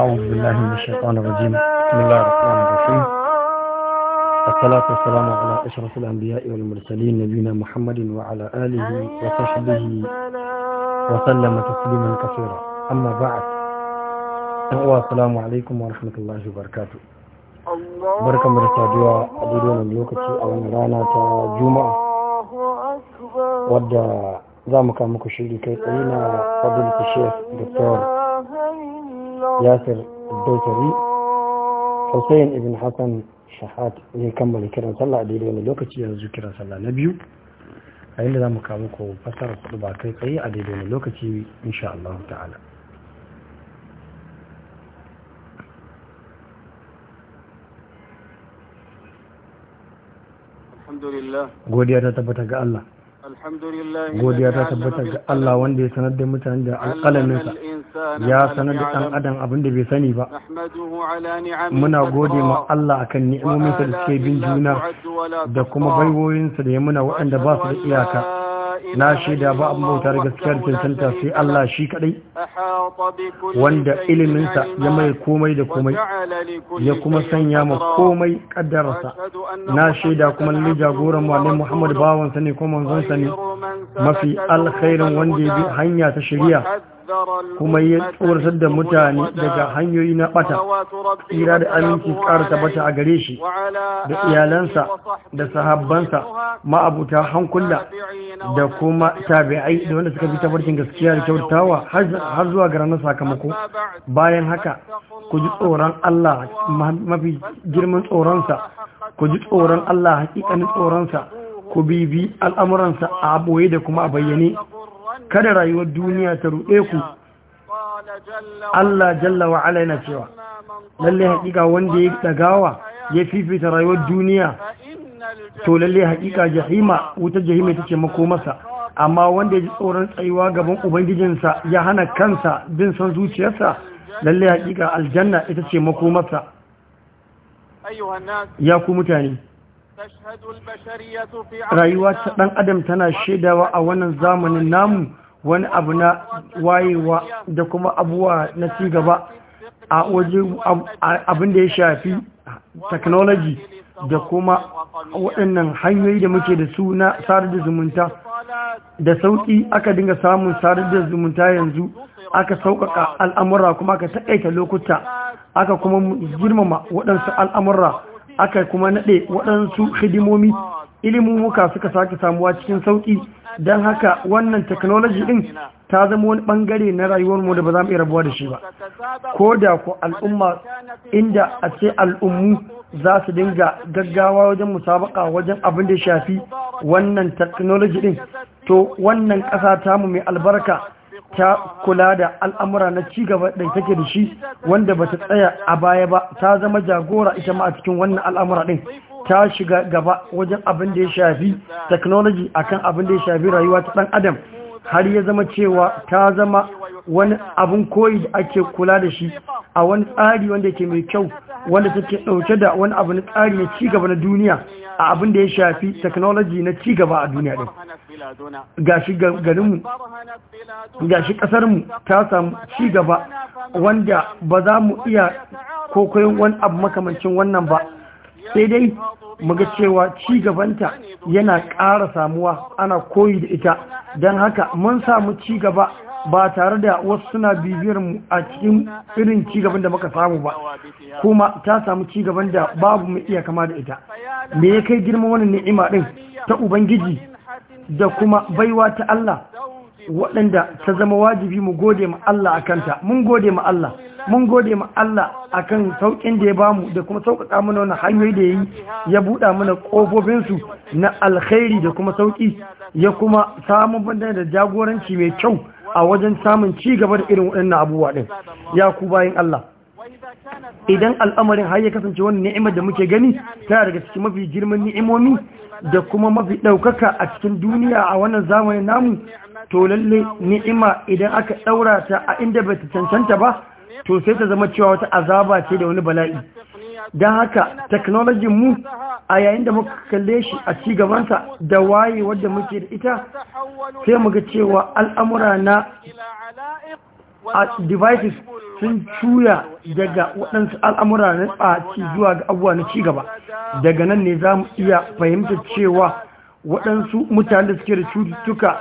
أعوذ بالله من الشيطان الرجيم بسم الله الرحمن الرحيم الصلاة والسلام على أشرف الأنبياء والمرسلين نبينا محمد وعلى آله وصحبه وسلم تسليما كثيرا أما بعد السلام عليكم ورحمة الله وبركاته بركة مرسادية الصادوة أبو دون اللوكة أو رانا جمعة wadda za mu kama muku shiri kai tsaye na fadil kushef dr yasir dautari hussein ibn hassan shahad zai kammala kiran sallah a daidai wani lokaci yanzu kiran sallah na biyu a yadda za mu kama muku fasara kudu ba kai tsaye a daidai wani lokaci insha Allah ta'ala godiya ta tabbata ga Allah godiya ta tabbatar ga Allah wanda ya sanar da mutane da alƙalaminsa ya sanar da ɗan adam abin da bai sani ba muna gode ma Allah akan ni'imominsa da suke bin juna da kuma baiwoyinsa da ya muna waɗanda ba su da iyaka na shaida ba bauta daga gaskiyar santa sai Allah shi kadai wanda iliminsa ya mai komai da komai ya kuma sanya ma komai kaddararsa na shaida kuma lalle jagoran mallam Muhammad bawansa ne kuma manzon ne mafi alkhairin wanda ya bi hanya ta shari'a kuma ya tsoratar da mutane daga hanyoyi na bata tsira da aminci ƙara tabbata a gare shi da iyalansa da sahabbansa ma'abuta hankula da kuma tabi'ai da wanda suka fi tafarkin gaskiya da kyautawa har zuwa ga ranar sakamako bayan haka ku ji tsoron Allah mafi girman tsoronsa ku ji tsoron Allah hakikanin tsoronsa ku bibi al'amuransa a boye da kuma a bayyane kada rayuwar duniya ta ruɗe ku Allah jalla wa ala yana cewa lalle haƙiƙa wanda ya dagawa ya fifita rayuwar duniya to lalle haƙiƙa jahima wutar jahima ita ce masa amma wanda ya ji tsoron tsayuwa gaban ubangijinsa ya hana kansa bin son zuciyarsa lalle haƙiƙa aljanna ita ce masa ya ku mutane rayuwa ta ɗan adam tana shaidawa a wannan zamanin namu wani abu na wayewa da kuma abuwa na cigaba a waje abin da ya shafi technology da kuma waɗannan hanyoyi da muke da su na sadar da zumunta da sauƙi aka dinga samun sadar da zumunta yanzu aka sauƙaƙa al'amura kuma aka taƙaita lokuta aka kuma girmama waɗansu al'amura aka kuma naɗe waɗansu hidimomi ilimin muka suka sake samuwa cikin sauƙi don haka wannan teknoloji ɗin ta zama wani ɓangare na rayuwar mu da ba za mu iya rabuwa da shi ba ko da ku al'umma inda a ce al'ummu za su dinga gaggawa wajen musabaka wajen abin da shafi wannan teknoloji ɗin to wannan ƙasa tamu mai albarka ta kula da al'amura na cigaba da take da shi wanda ba ta tsaya a baya ba ta zama jagora ita ma a cikin wannan al'amura ɗin ta shiga gaba wajen abin da ya shafi technology akan abin da ya shafi rayuwa ta ɗan adam har ya zama cewa ta zama wani abin koyi da ake kula da shi a wani tsari wanda ke mai kyau wanda take ɗauke da wani abu na tsari na cigaba na duniya a abin da ya shafi technology na cigaba a duniya ɗin gashi garinmu gashi ƙasarmu ta samu ci gaba wanda ba za mu iya kokoyin wani abu makamancin wannan ba sai dai mu ga cewa ci gabanta yana ƙara samuwa ana koyi da ita don haka mun samu ci gaba ba tare da wasu suna bibiyar mu a cikin irin cigaban da muka samu ba kuma ta samu cigaban da babu mu iya kama da ita me ya kai girma wani ni'ima din ta ubangiji da kuma baiwa ta Allah waɗanda ta zama wajibi mu gode ma Allah a kanta mun gode ma Allah mun gode ma Allah a kan sauƙin da ya bamu da kuma sauƙaƙa mana wani hanyoyi da ya yi ya buɗa mana ƙofofinsu na alkhairi da kuma sauƙi ya kuma samun banda da jagoranci mai kyau a wajen samun ci gaba da irin waɗannan abubuwa ɗin ya ku bayan Allah idan al'amarin har ya kasance wani ni'imar da muke gani tana daga cikin mafi girman ni'imomi da kuma mafi ɗaukaka a cikin duniya a wannan zamanin namu to lalle ni'ima idan aka ɗaura ta a inda ba ta cancanta ba to sai ta zama cewa wata azaba ce da wani bala'i don haka teknolojin mu a yayin da muka kalle shi a ci gabanta da waye wadda muke da ita sai muga cewa al'amura na a devices sun cuya daga waɗansu al'amura na ɓaci zuwa ga abuwa na cigaba daga nan ne za mu iya fahimtar cewa waɗansu mutane da suke da cututtuka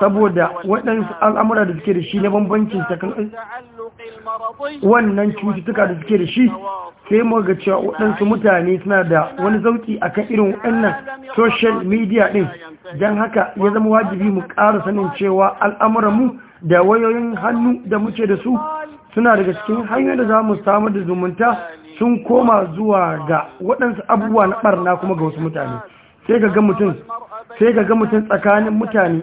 saboda waɗansu al'amura da suke da shi na bambancin takan wannan cututtuka da suke da shi sai mu ga cewa waɗansu mutane suna da wani zauki akan irin waɗannan social media ɗin don haka ya zama wajibi mu ƙara sanin cewa al'amuran mu? da wayoyin hannu da muke da su suna daga cikin hanyar da za mu samar da zumunta sun koma zuwa ga waɗansu abubuwa na ɓarna kuma ga wasu mutane sai ga mutum sai ga mutum tsakanin mutane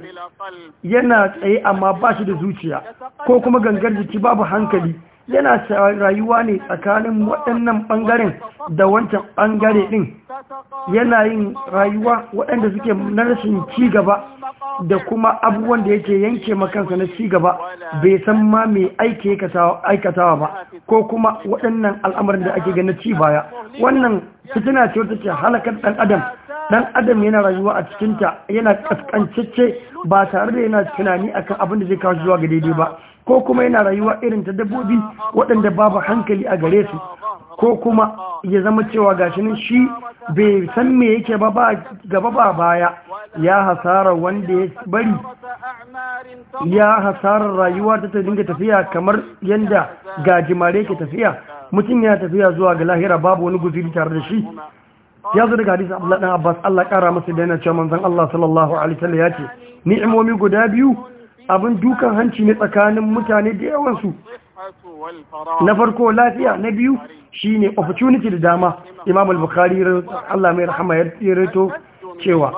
yana tsaye amma ba shi da zuciya ko kuma gangar jiki babu hankali yana rayuwa ne tsakanin waɗannan ɓangaren da wancan ɓangare ɗin yana yin rayuwa waɗanda suke na rashin gaba da kuma abubuwan da yake yanke makansa na cigaba bai san ma mai aiki aikatawa ba ko kuma waɗannan al'amarin da ake gani ci baya wannan fitina ce wata ce halakar ɗan adam Ɗan adam yana rayuwa a cikinta yana kaskancacce ba tare da yana tunani akan abin da zai kawo zuwa ga daidai ba ko kuma yana rayuwa irin ta dabbobi waɗanda babu hankali a gare su ko kuma ya zama cewa nan shi bai san me yake ba gaba ba baya ya hasara wanda ya bari ya hasara rayuwa ta dinga tafiya kamar yadda gajimare ke tafiya mutum ya tafiya zuwa ga lahira babu wani guziri tare da shi ya zo daga hadisi abdullahi dan Abbas Allah kara masa da yana cewa manzon Allah sallallahu alaihi wasallam ya ce ni'imomi guda biyu abin dukan hanci ne tsakanin mutane da yawansu na farko lafiya na biyu shine opportunity da dama imam al-bukhari Allah mai rahama ya rito cewa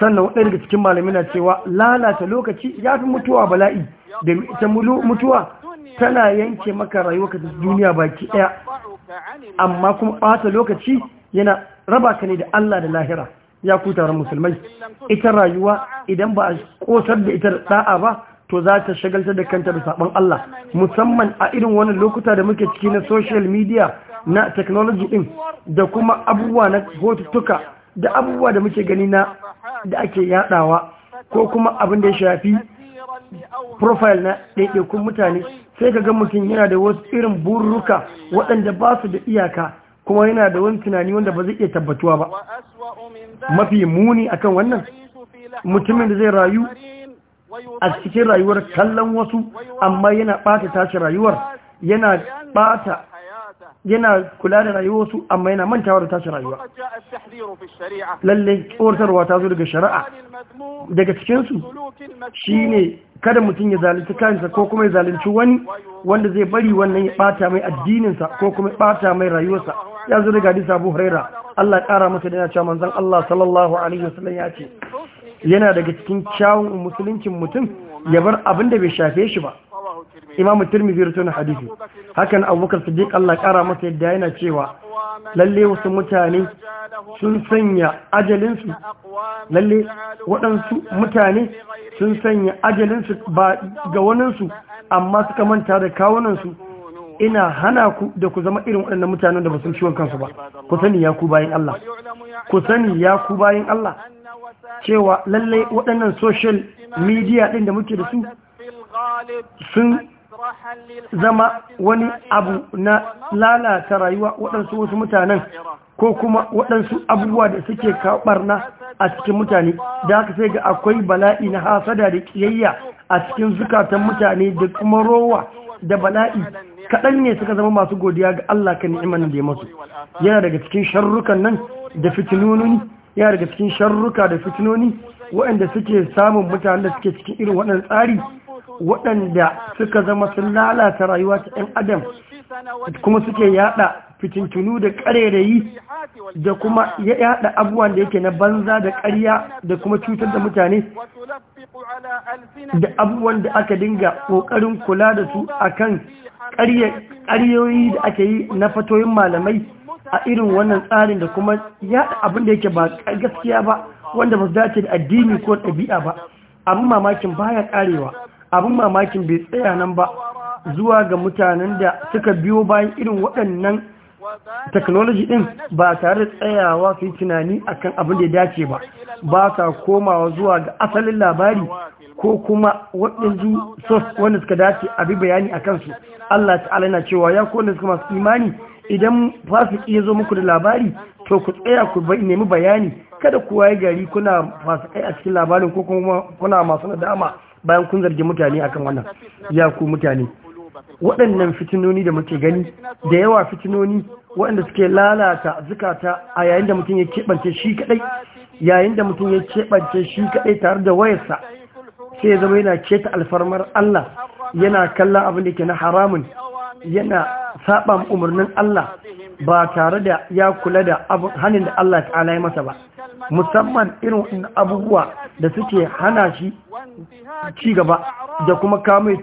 sannan ɗaya daga cikin malamai na cewa lalata lokaci ya fi mutuwa bala'i da ita mutuwa tana yanke maka rayuwa ka duniya baki ɗaya amma kuma ɓata lokaci yana raba ka ne da Allah da lahira ya ku taron musulmai ita rayuwa idan ba a kosar da ita da'a ba to za ta shagaltar da kanta da sabon Allah musamman a irin wani lokuta da muke ciki na social media na technology din da kuma abubuwa na hotutuka da abubuwa da muke gani na da ake yadawa ko kuma abin da ya shafi profile na ɗaiɗaikun mutane sai ka ga mutum yana da wasu irin burruka waɗanda ba su da iyaka kuma yana da wani tunani wanda ba zai iya tabbatuwa ba mafi muni akan wannan mutumin da zai rayu a cikin rayuwar kallon wasu amma yana ɓata tashi rayuwar yana ɓata yana kula da rayuwar wasu amma yana mantawa da tashi rayuwa lalle tsortarwa ta zo daga shari'a daga cikinsu shi ne kada mutum ya zalunci kansa ko kuma ya zalunci wani wanda zai bari wannan ya ɓata mai addininsa ko kuma ya ɓata mai rayuwarsa ya zo daga hadisi Abu Huraira Allah ƙara masa da yana cewa manzon Allah sallallahu alaihi wasallam ya ce yana daga cikin kyawun musuluncin mutum ya bar abin da bai shafe shi ba Imam Tirmidhi rawaito hadisi hakan Abubakar Siddiq Allah ƙara masa yadda yana cewa lalle wasu mutane sun sanya ajalinsu lalle waɗansu mutane sun sanya su ba ga waninsu amma suka manta da kawunansu ina hana ku da ku zama irin waɗannan mutanen da ba su ciwon kansu ba ku sani ya ku bayan Allah ku sani ya ku bayan Allah cewa lallai waɗannan social media ɗin da muke da su sun zama wani abu na lalata rayuwa waɗansu wasu mutanen ko kuma waɗansu abubuwa da suke kaɓarna a cikin mutane da haka sai ga akwai bala'i na hasada da ƙiyayya a cikin zukatan mutane da kuma rowa da bala'i kaɗan ne suka zama masu godiya ga Allah kan ni'imar da ya masu yana daga cikin sharrukan nan da fitinoni yana daga cikin sharruka da fitinoni waɗanda suke samun mutanen da suke cikin irin waɗannan tsari waɗanda suka zama sun lalata rayuwa ta ɗan adam kuma suke yaɗa fitintunu da ƙarerayi da kuma ya yada abubuwan da yake na banza da ƙarya da kuma cutar da mutane da abubuwan da aka dinga ƙoƙarin kula da su a kan ƙaryoyi da aka yi na fatoyin malamai a irin wannan tsarin da kuma yada abin da yake ba gaskiya ba wanda ba su dace da addini ko ɗabi'a ba abin mamakin baya ƙarewa abin mamakin bai tsaya nan ba zuwa ga mutanen da suka biyo bayan irin waɗannan technology din ba tare da tsayawa su yi tunani akan abin da ya dace ba ba sa komawa zuwa ga asalin labari ko kuma waɗansu sos wanda suka dace a bi bayani a kansu Allah ta'ala na cewa ya kone suka masu imani idan fasiki ya zo muku da labari to ku tsaya ku nemi bayani kada ku waye gari kuna fasik a cikin labarin ko kuma kuna masu nadama bayan kun zargi mutane akan wannan ya ku mutane waɗannan fitinoni da muke gani da yawa fitinoni waɗanda suke lalata zukata a yayin da mutum ya keɓance shi kaɗai yayin da mutum ya keɓance shi kaɗai tare da wayarsa sai ya zama yana keta alfarmar Allah yana kallon abin da ke na haramun yana saɓan umarnin Allah ba tare da ya kula da hannun da Allah ta'ala ya masa ba musamman irin abubuwa da suke hana shi ci gaba da kuma kame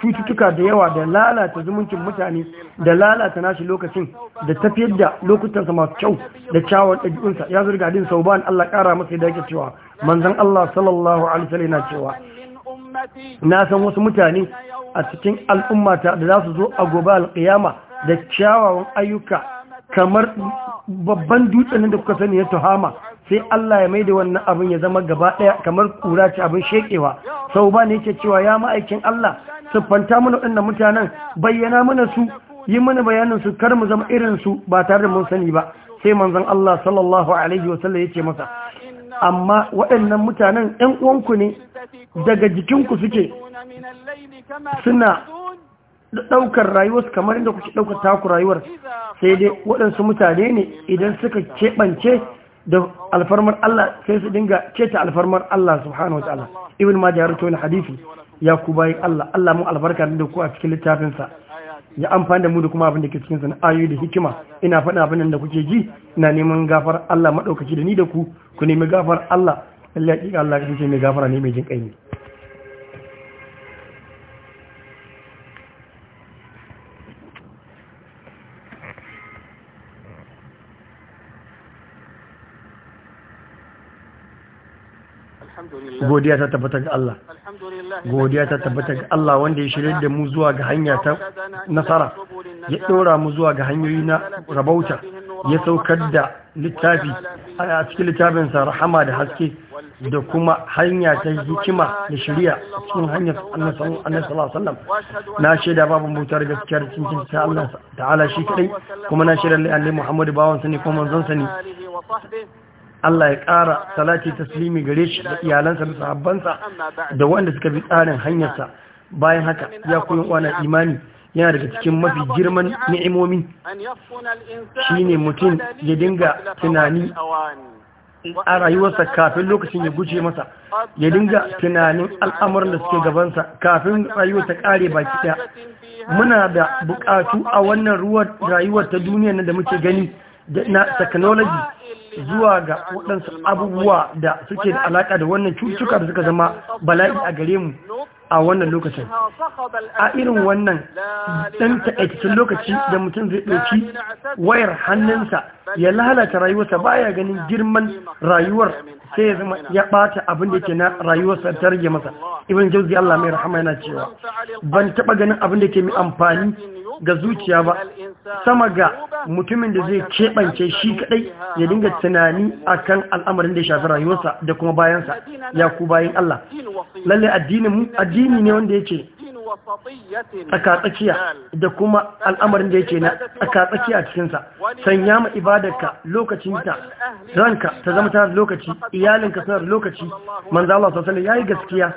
cututtuka da yawa da lalata zumuncin mutane da lalata nashi lokacin da tafiyar da lokutansa masu kyau da kyawar ɗabi'unsa ya zurga din sau ba'an Allah ƙara masa da yake cewa manzan Allah sallallahu alaihi wasallam na cewa na san wasu mutane a cikin al'ummata da za su zo a gobe alƙiyama da kyawawan ayyuka kamar babban dutsen da kuka sani ya tuhama sai Allah ya maida wannan abin ya zama gaba ɗaya kamar kura ce abin shekewa sau ba ne yake cewa ya ma'aikin Allah siffanta mana waɗannan mutanen bayyana mana su yi mana bayanin su kar mu zama irin su ba tare da mun sani ba sai manzon Allah sallallahu alaihi wa sallam ce masa amma waɗannan mutanen ɗan uwanku ne daga jikinku suke suna ɗaukar rayuwarsu kamar inda kuke ɗaukar taku rayuwar sai dai waɗansu mutane ne idan suka keɓance da alfarmar Allah sai su dinga keta alfarmar Allah subhanahu wataala ibn majah ya rawaito hadisi ya ku bai Allah Allah mu albarka da ku a cikin littafin sa ya amfani da mu da kuma abin da ke cikin sa na da hikima ina faɗa abin da kuke ji ina neman gafar Allah madaukaki da ni da ku ku nemi gafar Allah Allah ya Allah ya kasance mai gafara ne mai jin kai ne godiya ta tabbata ga Allah godiya ta tabbata ga Allah wanda ya shirye da mu zuwa ga hanya ta nasara ya ɗora mu zuwa ga hanyoyi na rabauta ya saukar da littafi a cikin littafinsa rahama da haske da kuma hanya ta hikima da shirya cikin hanyar annabi sallallahu na shaida babu mutar gaskiyar cikin ta Allah ta'ala shi kadai kuma na shaida lalle Muhammadu bawan sani kuma manzon sani Allah ya ƙara salati taslimi gare shi da iyalansa da sahabbansa da wanda suka bi tsarin hanyarsa bayan haka ya koyi wani imani yana daga cikin mafi girman ni'imomi shine mutum ya dinga tunani a rayuwarsa kafin lokacin ya guje masa ya dinga tunanin al'amuran da suke gabansa kafin rayuwarsa kare baki ɗaya muna da bukatu a wannan ruwan rayuwar ta duniya da muke gani na technology zuwa ga waɗansu abubuwa da suke da alaƙa da wannan cututtuka da suka zama bala'i a gare mu a wannan lokacin a irin wannan ɗan taƙaitaccen lokaci da mutum zai ɗauki wayar hannunsa ya lalata rayuwarsa baya ganin girman rayuwar sai ya zama ya ɓata abin da ke na rayuwarsa ta rage masa ibn jauzi Allah mai rahama yana cewa ban taɓa ganin abin da ke mai amfani ga zuciya ba sama ga mutumin da zai keɓance shi kaɗai ya dinga tunani akan al'amarin da ya shafi rayuwarsa da kuma bayansa ya ku bayan Allah lalle addini ne wanda yake tsakatsakiya da kuma al'amarin da yake na tsakatsakiya cikinsa sanya ma ibadarka lokacinta ranka ta zama tana lokaci iyalinka da lokaci manzo Allah sallallahu yayi gaskiya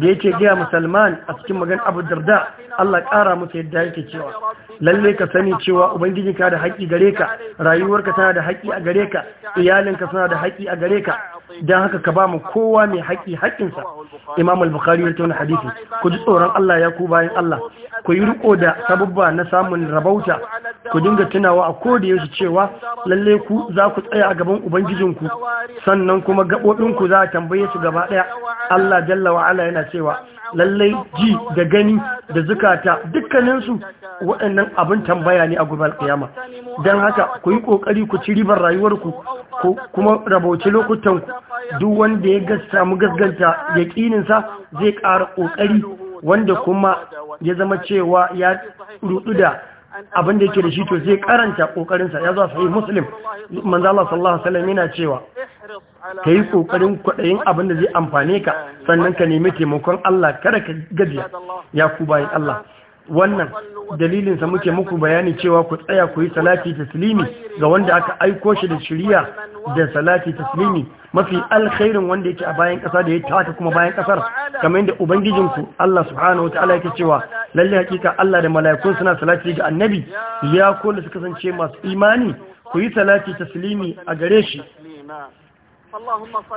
da yake gaya musulman a cikin magan Abu Darda Allah kara masa yadda yake cewa lalle ka sani cewa ubangijinka da haƙi gare ka rayuwarka tana da haƙi a gare ka iyalinka suna da haƙi a gare ka dan haka ka ba mu kowa mai haƙi haƙinsa imam al-bukhari ya tauna hadisi ku ji tsoron Allah ya ku bayan Allah ku yi riko da sababba na samun rabauta ku dinga tunawa a koda yaushe cewa lalle ku za ku tsaya a gaban ubangijinku sannan kuma gaɓoɓinku za a tambaye su gaba ɗaya Allah jalla wa yana cewa lallai ji da gani da zukata dukkaninsu waɗannan abin tambaya ne a gobe alƙiyama don haka ku yi ƙoƙari ku ci ribar rayuwarku ku kuma rabauci lokutanku duk wanda ya samu gasganta yaƙininsa zai ƙara ƙoƙari wanda kuma ya zama cewa ya rudu da abin da yake da shi to zai karanta ƙoƙarinsa ya zuwa sahih muslim manzo Allah sallallahu alaihi wasallam yana cewa ka yi ƙoƙarin kwaɗayin abin da zai amfane ka sannan ka nemi taimakon Allah kada ka gajiya ya ku bayan Allah wannan dalilinsa muke muku bayani cewa ku tsaya ku yi salati taslimi ga wanda aka aiko shi da shiriya da salati taslimi mafi alkhairin wanda yake a bayan kasa da ya taka kuma bayan ƙasar kamar yadda ubangijinku Allah subhanahu wataala yake cewa lalle hakika Allah da mala'ikun suna salati ga annabi ya kullu su kasance masu imani ku yi salati taslimi a gare shi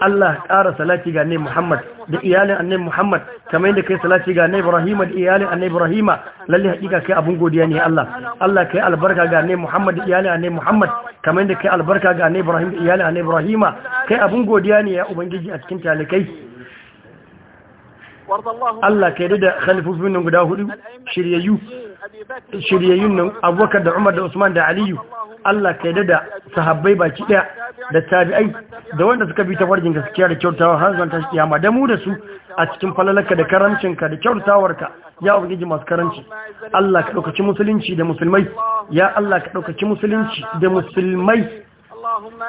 Allah ƙara salati ga annabi Muhammad da iyalin annabi Muhammad kamar yadda kai salati ga annabi Ibrahim da iyalin annabi Ibrahim lalle hakika kai abun godiya ne Allah Allah kai albarka ga annabi Muhammad da iyalin annabi Muhammad kamar yadda kai albarka ga annabi Ibrahim da iyalin annabi Ibrahim kai abun godiya ne ya ubangiji a cikin talikai Allah kai da khalifofin guda hudu shiryayyu shiryayyun nan abubakar da umar da usman da aliyu allah ka yadda da sahabbai baki ɗaya da tabi'ai da wanda suka bi ta farjin gaskiya da kyautawa har zuwa tashi kiyama da mu da su a cikin falalaka da karamcinka da kyautawarka ya ubangiji masu karanci allah ka ɗaukaci musulunci da musulmai ya allah ka ɗaukaci musulunci da musulmai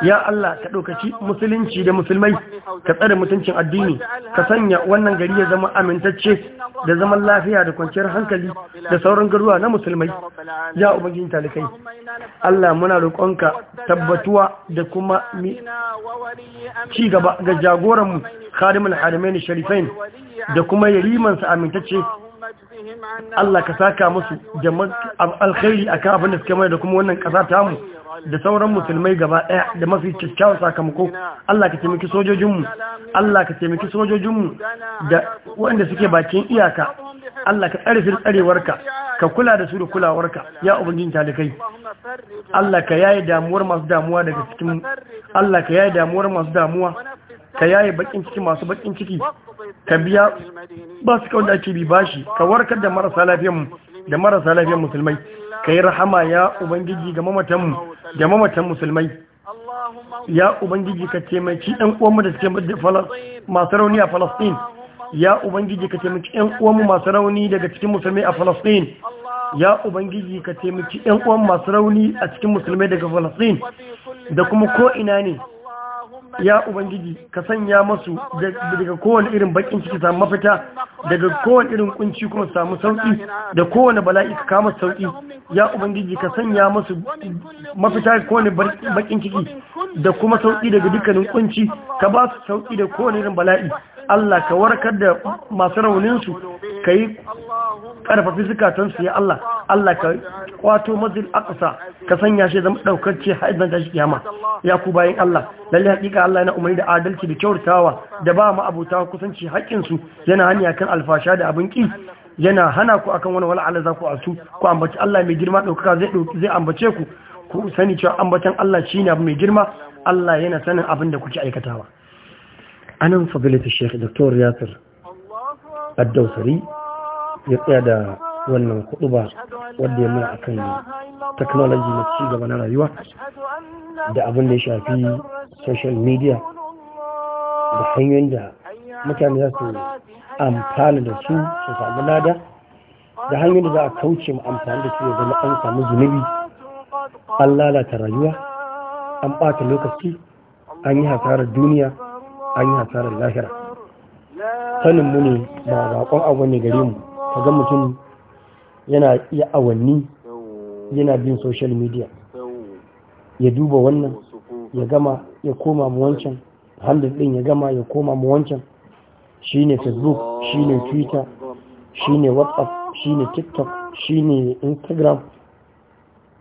ya Allah ka ɗaukaci musulunci da musulmai ka tsare mutuncin addini ka sanya wannan gari ya zama amintacce da zaman lafiya da kwanciyar hankali da sauran garuwa na musulmai ya ubangiji talikai Allah muna roƙonka tabbatuwa da kuma ci gaba ga jagoranmu khadimul harimain sharifain da kuma yarimansa amintacce Allah ka saka musu da alkhairi akan abin da suka mai da kuma wannan ƙasa tamu da sauran musulmai gaba ɗaya da mafi kyakkyawan sakamako Allah ka taimaki sojojinmu Allah ka taimaki sojojinmu da waɗanda suke bakin iyaka Allah ka tsare su tsarewarka ka kula da su da kulawarka ya ubangiji ta da kai Allah ka ya'yi damuwar masu damuwa daga cikin Allah ka ya'yi damuwar masu damuwa ka ya'yi bakin ciki masu bakin ciki ka biya ba su kawai da ake bi bashi ka warkar da marasa lafiyar da marasa lafiyar musulmai ka yi rahama ya ubangiji ga mamatanmu da mamatan musulmai ya ubangiji ka taimaki ɗan uwanmu da suke masu rauni a falastin ya ubangiji ka taimaki ɗan uwanmu masu rauni daga cikin musulmai a falastin ya ubangiji ka taimaki ɗan uwan masu rauni a cikin musulmai daga falastin da kuma ko ina ne ya ubangiji ka sanya masu daga kowane irin bakin ciki samu mafita daga kowane irin kunci kuma samu sauki da kowane bala'i ka kama sauki ya ubangiji ka sanya masu mafita kowane bakin ciki da kuma sauki daga dukkanin kunci ka ba su sauki da kowane irin bala'i Allah ka warkar da masu rauninsu ka yi ƙarfafi zukatansu ya Allah Allah ka wato mazil aqsa ka sanya shi zama har haizan tashi kiyama ya ku bayan Allah lalle hakika Allah yana umarni da adalci da kyautawa da ba mu abuta kusanci haƙƙin su yana hanya kan alfasha da abin ki yana hana ku akan wani wala ala za ku asu ku ambaci Allah mai girma daukaka zai zai ambace ku ku sani cewa ambatan Allah shine abu mai girma Allah yana sanin abin da kuke aikatawa anan fadilatu Sheikh Dr. Yasir الدوسري ya tsaya da wannan kudu ba wadda ya muna a akan technology na ci gaba na rayuwa da abin da ya shafi social media da hanyoyin da mutane za su amfana da su su samu lada da hanyoyin da za a kauce mu amfani da su ya zama an samu zunubi an lalata rayuwa an ɓata lokaci an yi hasarar duniya an yi hasarar lahira sanin mu ne ba bakon abu ne gare mu ka ga mutum yana iya awanni yana bin social media ya duba wannan ya gama ya koma mu wancan handin din ya gama ya koma mu wancan shine facebook shine twitter shine whatsapp shine tiktok shine instagram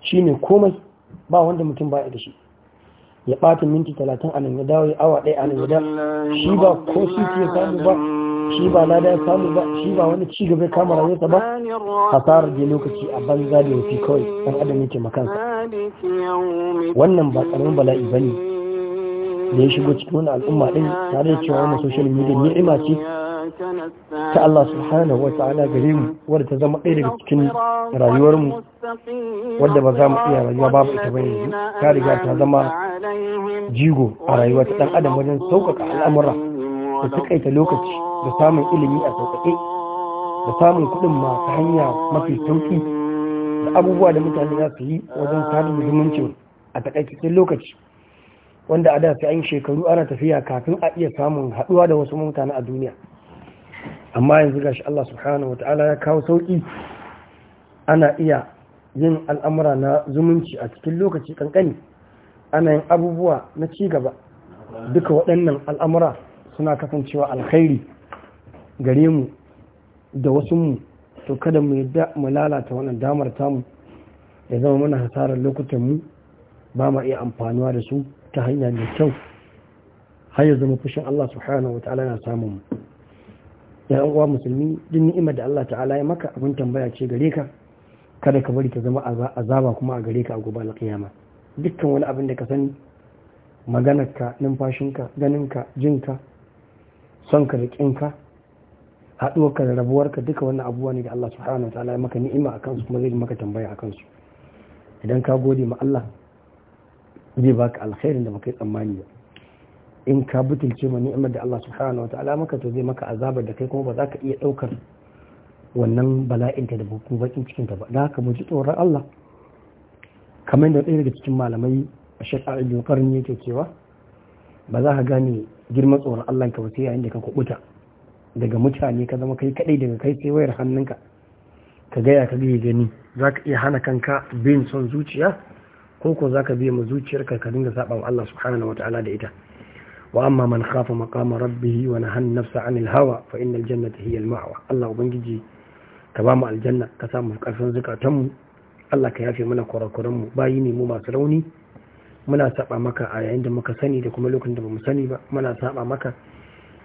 shine komai ba wanda mutum ba da shi ya ɓata minti talatin a nan ya dawo ya awa ɗaya a nan ya da shi ba ko su ke sami ba shi ba na ya samu ba shi ba wani ci gaba kama rayuwarsa ba hasarar je lokaci a banza da yafi kawai dan adam yake makansa wannan ba karamin bala'i bane da ya shigo cikin wani al'umma din tare da cewa wannan social media ni'ima ce ta Allah subhanahu wa ta'ala gare mu wadda ta zama ɗaya daga cikin rayuwar mu wadda ba za mu iya rayuwa babu ita ba yanzu ta riga ta zama jigo a rayuwar ta dan adam wajen sauƙaƙa al'amura da takaita lokaci da samun ilimi a sauƙaƙe da samun kuɗin masu hanya mafi sauƙi da abubuwa da mutane za su yi wajen samun zumunci a takaitaccen lokaci wanda a da sai an shekaru ana tafiya kafin a iya samun haɗuwa da wasu mutane a duniya amma yanzu gashi Allah subhanahu Ta'ala ya kawo sauƙi ana iya yin al'amura na zumunci a cikin lokaci ƙanƙani ana yin abubuwa na ci gaba duka waɗannan al'amura suna kasancewa alkhairi gare mu da wasu mu to kada mu yadda mu lalata wannan damar tamu ya zama mana hasarar lokutan mu ba ma iya amfanuwa da su ta hanya mai kyau har ya zama fushin Allah subhanahu wa ta'ala na samun mu ya uwa musulmi duk ni'imar da Allah ta'ala ya maka abin tambaya ce gare ka kada ka bari ta zama azaba kuma a gare ka a gobe alƙiyama dukkan wani abin da ka sani maganarka numfashinka ganinka jinka sonka da kinka ka da rabuwar ka duka wannan abubuwa ne da Allah subhanahu wataala ya maka ni'ima a kansu kuma zai maka tambaya a kansu idan ka gode ma Allah zai baka alkhairin da baka yi tsammani ba in ka butulce ma ni'imar da Allah subhanahu wataala maka to zai maka azabar da kai kuma ba za ka iya ɗaukar wannan bala'inta da bukun bakin cikin ta ba da haka mu ji tsoron Allah kamar da ɗaya daga cikin malamai a shekara ibn qarni yake cewa ba za ka gane girman tsoron Allah ka ba sai yayin da ka kubuta daga mutane ka zama kai kadai daga kai sai wayar hannunka ka gaya ka gaya gani za ka iya hana kanka bin son zuciya ko ko za ka biya ma zuciyarka ka dinga saba wa Allah subhanahu wataala da ita wa amma man khafa maqama rabbih wa nahana nafsa anil hawa fa innal jannata hiya al ma'wa Allah ubangiji ka ba mu aljanna ka sa mu karfin zukatanmu Allah ka yafe mana kurakuran mu bayi ne mu masu rauni muna saba maka a yayin da muka sani da kuma lokacin da bamu sani ba muna saba maka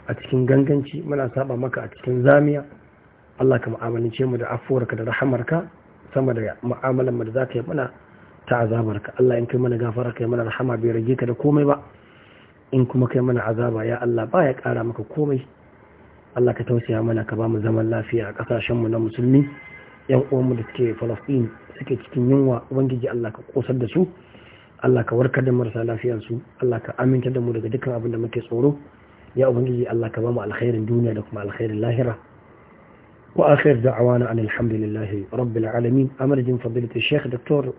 a cikin ganganci muna saba maka a cikin zamiya Allah ka mu'amalance mu da afuwarka da rahamarka sama da mu'amalan mu da zaka yi mana ta azabarka Allah in kai mana gafara kai mana rahama bai rage ka da komai ba in kuma kai mana azaba ya Allah ba ya kara maka komai Allah ka tausaya mana ka ba mu zaman lafiya a kasashen mu na musulmi yan uwanmu da suke Palestine suke cikin yunwa ubangiji Allah ka kosar da su Allah ka warkar da marasa lafiyar su Allah ka aminta da mu daga dukkan abin da muke tsoro ya ubangiji Allah ka ba mu alkhairin duniya da kuma alkhairin lahira wa akhir da'wana an alhamdulillahi rabbil alamin amarjin fadilati sheikh doktor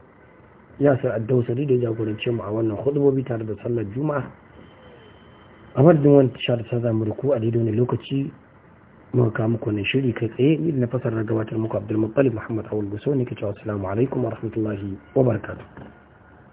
yasir addausari da jagorance mu a wannan hudubobi tare da sallar juma'a a madadin wani tashar ta zamu murku a daidai wani lokaci muka kawo muku wannan shiri kai tsaye ni na fasar gabatar muku abdul muttalib muhammad awul guso ne ke cewa assalamu alaikum wa rahmatullahi wa barakatuh